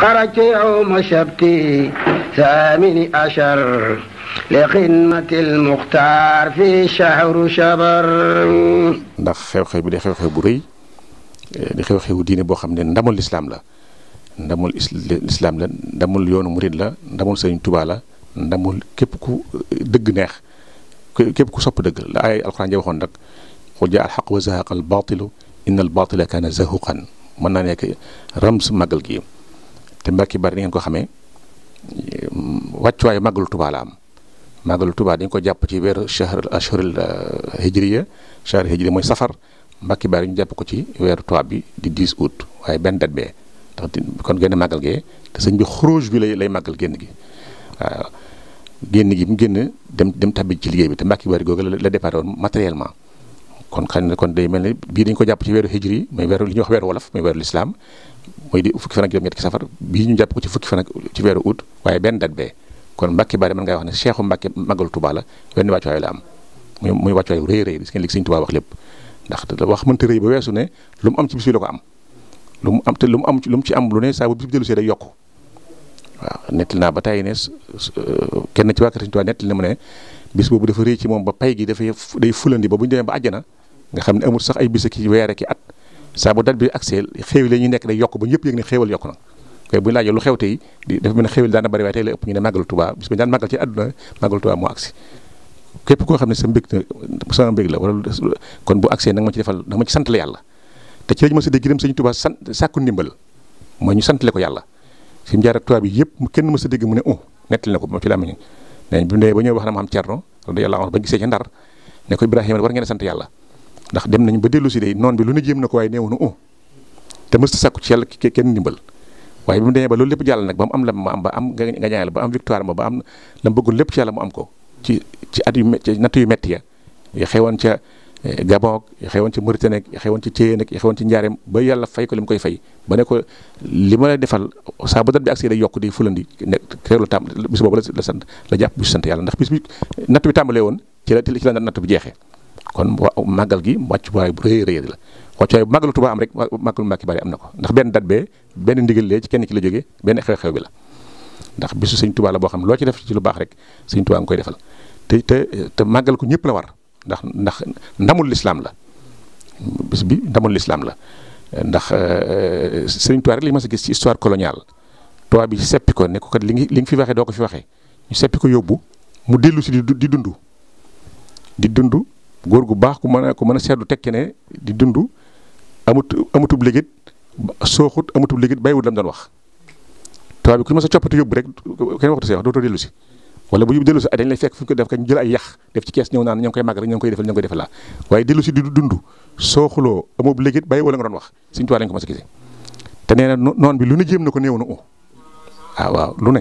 خرجت يوم شبتي ثامن عشر لخدمة المختار في شهر شبر ndax xew-xew bi di xew-xew bu rëy di xew-xewu diine boo xam ne ndamul lislaam la ndamul lislaam la ndamul yoonu murid la ndamul sëriñ Tuubaa la ndamul képp ku eh, dëgg neex képp ku sopp dëgg la ay alxuraan ja waxoon nag xul jaa alxaq wa zahaqa albaatilu inna albaatila kaana zahuqan mën naa nekk rams màggal gi te Mbàkke bari ni ngeen ko xamee wàccuwaayu màggalu Tuubaa la am màggalu Tuubaa dañ ko jàpp ci weeru shahr ashhurul hijriya shahr hijriya mooy safar mbaki bari ñu jàpp ko ci weeru tubaab bi di 10 août waaye benn date bee tax kon génn màggal gee te sëñ bi xuruj bi lay lay màggal génn gi waaw génn gi mu génn dem dem tabbi ci liggéey bi te Mbàkke bari googu la la déparé matériellement kon xëy na kon day mel ne bii dañ ko jàpp ci weeru hijri muy weeru li ñuy wax weeru wolof muy weeru lislaam mooy di fukki fan ak juróom safar bii ñu jàpp ko ci fukki fan ak ci weeru août waaye benn date bee kon Mbàkke Bari mën ngay wax ne Seexu Mbàkke Magalu Tuubaa la wenn wàccuwaay la am muy muy wàccuwaay rëy rëy gis ngeen li Sëñ Tuubaa wax lépp ndax wax mënta rëy ba weesu ne lu mu am ci bis bi la ko am lu mu am te lu mu am lu mu ci am lu ne saa bis bi dellu see day yokk waaw nettali naa ba tàyyi ne kenn ci waa kër Sëñ Tuubaa na mu ne bis boobu dafa rëy ci moom ba pay gi dafay day fulandi ba bu ñu demee ba nga xam ne amul sax ay bis ki weer ki at saa bu bi agsee xéew yokk ba ñëpp yëg ne xéewal yokk na koy bu ñu laajee lu xew tey di dafa mel ne xéewal daana bari waaye tey la ëpp ñu koo xam ne sa mbég na sama mbég la wala kon bu agsee nag ma ci defal nag ci sant la yàlla te ci lañu ma si dee gërëm sëñ Tuubaa sant sàkku ndimbal ko yàlla fi mu jaar bi yëpp kenn ma sa dégg mu ne oh nettali na ko moom ci làmmiñ nañ bi mu dee ba ñëw wax na ma am cerno radiyallahu anhu ba ñu gisee ca ndar ne ko Ibrahima war ngeen sant yàlla ndax dem nañ ba dellu si day noon bi lu ne jéem na ko waaye neewu na u te mësta sàkku ci yàlla kenn ndimbal waaye bi ba loolu lépp jàll nag ba mu am la ma am ba am gañaayal ba am victoire ma la mu bëggul lépp ci yàlla mu at yu ci natt yu metti ca eh, Gabon ya xewoon ca Mauritanie ya xewoon ca Thiéyène ya ci njaareem ba yàlla fay ko ko li ma la defal saa ba dat bi ak day yokk di fulandi nekk réew ndax bis bi natt bi tàmbalee woon ci la ci bi jeexee kon màggal gi wàccuwaay bu rëy rëy la wàccuwaay bu màggalu Tuubaa am rek màggalu Mbàkke Bari am na ko ndax benn dat be benn ndigal lee ci kenn ki la jógee benn xew-xew bi la ndax bisu sëñ Tuubaa boo xam loo ci def ci lu baax rek sëñ Tuubaa koy defal te te te màggal ko ñëpp la war ndax ndax ndamul lislaam la bis bi ndamul lislaam la ndax euh, sëñ Tuubaa rek li ma sa gis ci histoire coloniale Tuubaa bi seppi ko ne ko li ngi li nga fi waxee doo ko fi waxee ñu seppi ko yóbbu mu dellu si di dundu di dund góor gu baax ku mën a ku mën a seetlu tekki ne di dundu amut amutub liggéey sooxut amutub liggéey bay la lam doon wax tubaab bi ku ma sa coppati yóbbu rek kenn waxtu see wax dootoo dellu si wala bu ñu dellu si dañ lay fekk fu ñu ko def ka jël ay yax def ci kees ñëw naan ñoo ngi koy màgg rek ñoo ngi koy defal ñoo ngi koy defal laa waaye dellu si di dund wala nga doon wax suñu tubaab lañ ko mas a gisee te nee na noon bi lu ne jéem na ko néew na u ah, waaw lu ne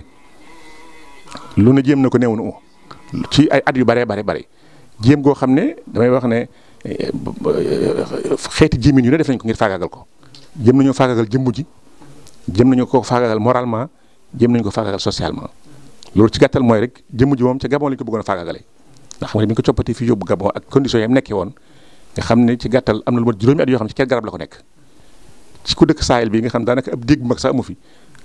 lu ne jéem na ko néew na u ci ay at yu bare bare bare jéem goo xam ne damay wax ne eh, xeeti jéemin yu ne def nañ ko ngir faagaagal ko jëm nañoo faagaagal jëmm ji jëm nañu ko faagaagal moralement jëm nañu ko faagaagal socialement loolu ci gàttal mooy rek jëmm ji moom ca Gabon lañ ko bëggoon a faagaagale ndax xam ne bi ñu ko coppati fi yóbbu Gabon ak condition yam nekkee woon nga xam ne ci gàttal am na lu mat juróomi at yoo xam ne ci kenn garab la ko nekk ci ku dëkk Sahel bi nga xam daanaka ab dégg bu sax amu fi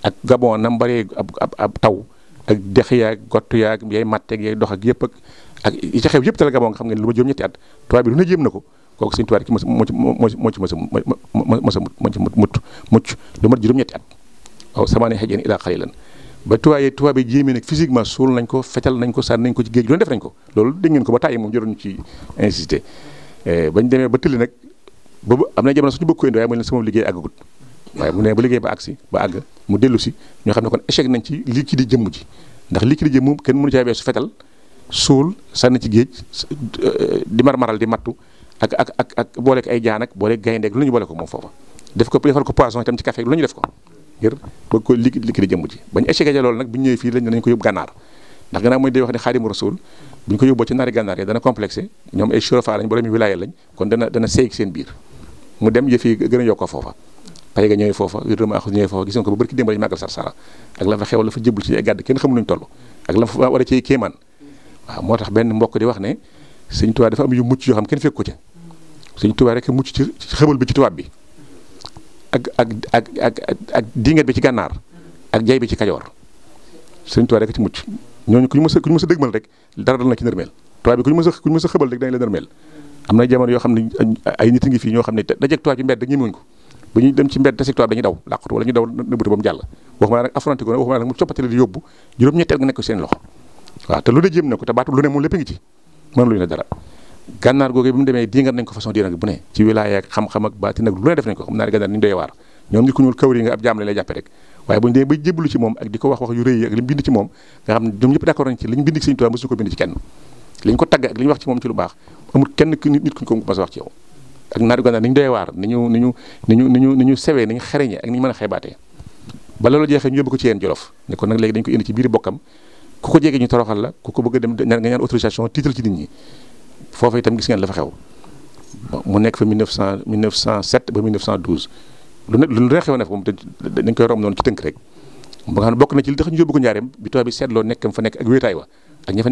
ak Gabon nam bëree ab ab taw ak dex yaag gottu yaag yay matteeg yay dox ak yëpp ak xew yëpp te la nga xam ngeen lu ma juróom-ñetti at tubaay bi lu ne jéem na ko kooku sëñ tubaay ki mos moo ci moo ci mos a mos a mucc mucc lu mat juróom-ñetti at waaw sama ne ba tubaay tubaay bi jéemee nag physiquement suul nañ ko fetal nañ ko sànni nañ ko ci géej lu ne def nañ ko loolu dégg ngeen ko ba tàyyi moom joroon ci insisté eh, bañ demee ba tëlli nag boobu am na jamono suñu bëgg koy waaye mooy leen sama liggéey àggagut waaye mu ne ba liggéey ba agsi ba àgg mu dellusi si ñoo xam ne kon échec nañ ci lii ci di jëmm ji ndax lii ci di jëmm kenn mënu caa weesu fetal suul sànni ci géej euh, di marmaral di mattu ak ak ak boole ko ay jaan ak boole gayndeeg lu ñu boole ko moom foofa def ko defal ko poisson itam ci café lu ñu def ko ngir bëgg ko liki liki di jëmm ji bañ échec ja loolu nag bu ñu ñëwee fii lañ nañ ko yóbbu gànnaar ndax gannaaw mooy day wax ne xaadimu rasul bu yi dana complexé ñoom ay chorofa lañ boole dana dana seeyik seen biir mu dem yëf yi gën a yokkoo foofa pay ga ñooy foofa wirdu ko ba barki démb lañu màggal sarsara ak la fa xew la fa jëblu ci ay gàdd kenn xamu nañu toll ak la fa war a ciy kéemaan waaw moo tax benn mbokk di wax ne sëñ Tuubaa dafa am yu mucc yoo xam kenn fekk ko ca sëñ Tuubaa rek mucc ci xamal bi ci tubaab bi ak ak ak ak ak dinget bi ci gànnaar ak jay bi ci kajoor sëñ Tuubaa rek ci mucc ñooñu ku ñu mës a ku ñu mës a dëgmal rek dara dal na ci nërmeel tubaab bi ku ñu mës a xëbal dañ la nërmeel am na jamono yoo xam ne ay nit ngi fii ñoo xam ne dajeeg tubaab ci mbedd rek ñemewuñ ko bu ñuy dem ci mbedd te tubaab dañuy daw làqatu wala ñu daw nëbbatu ba mu jàll waxuma la nag affronté ko nag waxuma la nag mu coppati la di yóbbu juróom dara gànnaar googu bi mu demee dingat nañ ko façon diina bu ne ci wilaaya xam-xam ak baati nag lu ne def nañ ko xam naa ne gànnaar ni ñu doy waar ñoom nit ku ñuul kawri nga ab jaam lay jàppe rek waaye bu ñu demee ba jébbalu ci moom ak di ko wax wax yu rëy ak li bind ci moom nga xam ak naari Uganda ni ñu doy waar ni ñu ni ñu sewee ni ñu xereñe ak ni ñu mën a xeebaatee ba loolu jeexee ñu yóbbu ko ci yéen jolof ne kon nag léegi dañ ko indi ci biir bokkam ko jege ñu toroxal la ku ko bëgg a dem nga ñaan autorisation titre ci nit ñi foofu itam gis ngeen la fa xew mu nekk fa 1900 1907 ba 1912 lu ne lu ne xew na rek bokk na ci li tax ñu yóbbu ko njaareem bi tubaab nekk ak wéetaay wa ak ña fa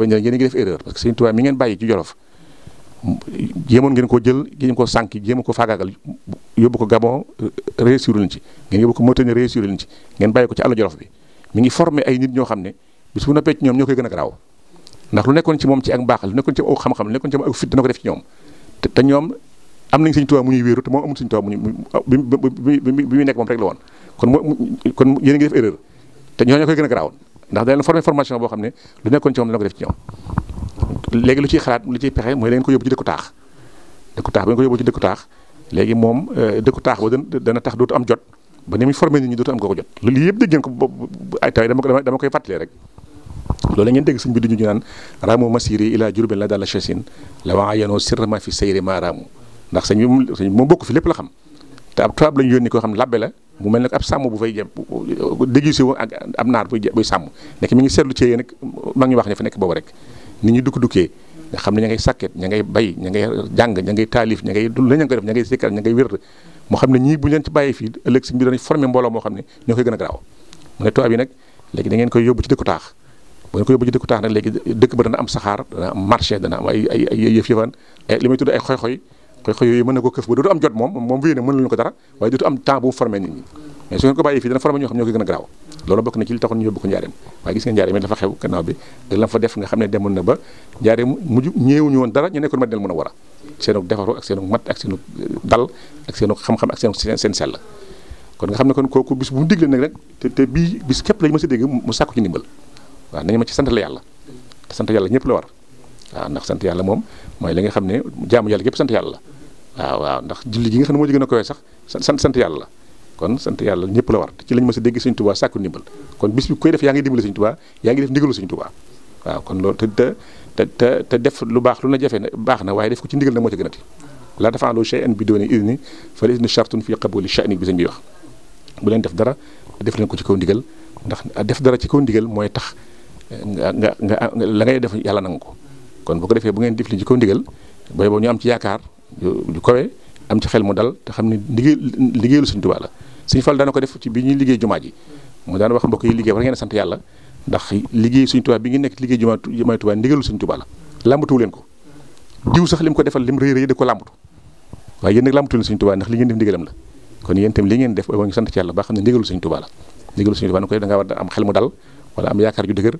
def erreur parce que seen tubaab mi ngeen bàyyi ci jolof jéemoon ngeen ko jël ngeen ko sànq jéem ko faagaagal yóbbu ko Gabon euh, réussir leen ci ngeen yóbbu ko Mauritanie réussir leen ci ngeen bàyyi ko ci àll Jolof bi mi ngi formé ay nit ñoo xam ne bis bu noppee ci ñoom ñoo koy gën a garaaw ndax lu nekkoon ci moom ci ak mbaax lu nekkoon ci aw xam-xam lu nekkoon fit dana ko def ci ñoom te ñoom am nañ Sëñ Tuubaa mu ñuy wéeru te moom amul Sëñ Tuubaa mu ñuy ah, bi muy nekk moom rek la woon kon kon yéen ngi def erreur te ñoo ñoo koy gën a garaawoon ndax dañ leen formé formation boo xam ne lu nekkoon ci moom def ci ñoom léegi lu ci xalaat lu ciy pexe mooy da ngeen ko yóbbu ci dëkku taax dëkku taax ba ngeen ko yóbbu ci dëkku taax léegi moom dëkku taax ba dana tax dootu am jot ba ni muy formé nit ñi dootu ko ko jot loolu yëpp dégg ngeen ko ay taw dama dama koy fàttalee rek loolu la ngeen dégg suñ bi duñu ñu naan raamu masiri ila jurbel la daal la chasin la waa yenoo sirrama fi sayri ma raamu ndax sëñ bi sëñ moom bokk fi lépp la xam te ab tubaab lañu yónni koo xam labbe la mu mel ne ab sàmm bu fay jëm déguisé wu ak ab naar buy buy sàmm nekk mi ngi seetlu ci yéen nag maa ngi wax ne fa nekk boobu rek nit ñi dukk dukkee nga xam ne ña ngay sàkket ña ngay bay ña ngay jàng ña ngay taalif ña ngay lu la ña koy def ña ngay sikkar ña ngay wérd moo xam ne ñii bu leen ci bàyyi fii ëllëg si biir dañu formé mbooloo moo xam ne ñoo koy gën a garaaw mu ne tubaab yi nag léegi da koy yóbbu ci dëkku taax bu ngeen koy yóbbu ci dëkku taax nag léegi dëkk ba dana am saxaar dana am marché dana am ay ay ay yëf yëfaan li may tudd ay xoy-xoy koy xëy yooyu mën na ko këf ba dootu am jot moom moom wéy na mën lañu ko dara waaye dootu xam xew gannaaw ak xam a war a seenu defaru ak seenu mat ak seenu euh, dal ak seenu xam ak seen seen sell kon nga xam ne kon kooku bis bu mu digle nag rek te te bii bis képp lañu ma sa dégg mu sàkku ci ndimbal waaw nañu ma ci sant la yàlla te sant yàlla ñëpp la war waaw ndax sant yàlla moom mooy li nga xam ne jaamu yàlla yëpp sant yàlla la waaw waaw ndax julli gi nga xam ne moo ci gën a koy sax sant sant yàlla la kon sant yàlla ñëpp la war te ci lañ mës a dégg Sëñ Tuubaa sàkku ndimbal kon bis bi koy def yaa ngi dimbali Sëñ Tuubaa yaa ngi def ndigalu Sëñ Tuubaa te te te te lu baax lu na jafe na baax na waaye def ko ci ndigal na moo ci gën a ti laa dafa am lu shay'an bi doone idni fal bu leen def dara def leen ko ci kaw ndigal ndax def dara ci kaw ndigal mooy tax nga nga nga la ngay def yàlla nangu ko kon bu ko defee bu ngeen def li ci kaw ndigal booy boo ñu am ci yaakaar yu kawe am ci xel mu dal te xam ne liggéey liggéeyalu Sëñ Tuubaa la Sëñ Fall daana ko def ci bi ñuy liggéey jumaa ji mu daan wax mbokk yi liggéey war ngeen sant yàlla ndax liggéey Sëñ Tuubaa bi ngeen nekk liggéey jumaa jumaa Tuubaa ndigalu Sëñ Tuubaa la làmbatuwu leen ko diw sax li mu ko defal lim rëy rëy da ko làmbatu waaye yéen nag làmbatuwu leen Sëñ Tuubaa ndax li ngeen def ndigalam la kon yéen itam li ngeen def wa ngi sant ci yàlla ba xam ne ndigalu Sëñ Tuubaa la ndigalu Sëñ Tuubaa na koy da nga war am xel mu dal wala am yaakaar ju dëgër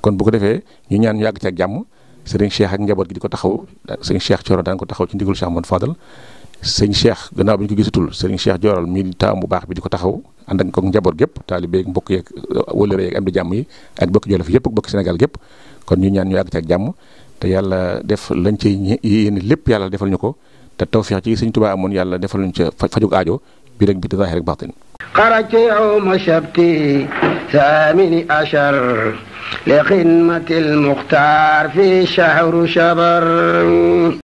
ko defee ñu ñaan ñu yàgg jàmm sëriñ Cheikh ak njaboot gi di ko taxaw sëriñ Cheikh Thioro daan ko taxaw ci ndigal Cheikh Modou Fadal sëriñ Cheikh gannaaw bi ñu ko gisatul sëriñ Cheikh Dioral mi taam bu baax bi di ko taxaw ànd ak ko njaboot gépp taalibe yeeg mbokk yeeg uh, wëlëre yeeg am di jàmm yi ak bokki Jolof yëpp ak bokki Sénégal gépp kon ñu ñaan ñu àgg ci ak jàmm te yàlla def lañ ci yéene lépp yàlla defal ñu ko te tawfeex ci sëriñ Tuubaa amoon yàlla defal ñu ca fajug aajo bi rek bi di zaahir ak baatin ثامن عشر لخدمة المختار في شهر شبر